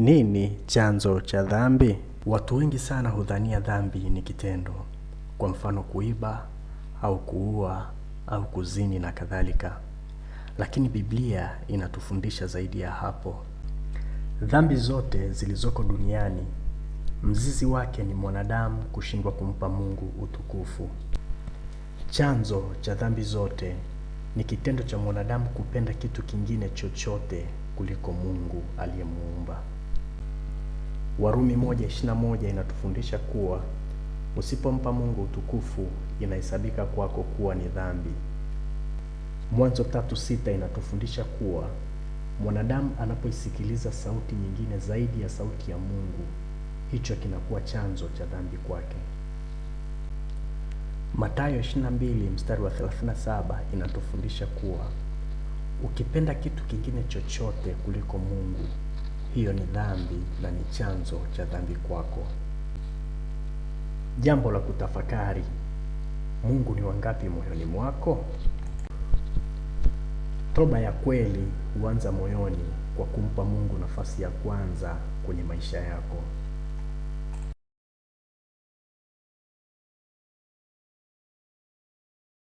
Nini chanzo cha dhambi? Watu wengi sana hudhania dhambi ni kitendo, kwa mfano kuiba au kuua au kuzini na kadhalika, lakini Biblia inatufundisha zaidi ya hapo. Dhambi zote zilizoko duniani mzizi wake ni mwanadamu kushindwa kumpa Mungu utukufu. Chanzo cha dhambi zote ni kitendo cha mwanadamu kupenda kitu kingine chochote kuliko Mungu aliyemuumba. Warumi moja moja inatufundisha kuwa usipompa Mungu utukufu inahesabika kwako kuwa ni dhambi. Mwanzo tatu sita inatufundisha kuwa mwanadamu anapoisikiliza sauti nyingine zaidi ya sauti ya Mungu, hicho kinakuwa chanzo cha dhambi kwake. Mathayo 22 mstari wa 37 inatufundisha kuwa ukipenda kitu kingine chochote kuliko Mungu hiyo ni dhambi na ni chanzo cha dhambi kwako. Jambo la kutafakari, Mungu ni wangapi moyoni mwako? Toba ya kweli huanza moyoni kwa kumpa Mungu nafasi ya kwanza kwenye maisha yako.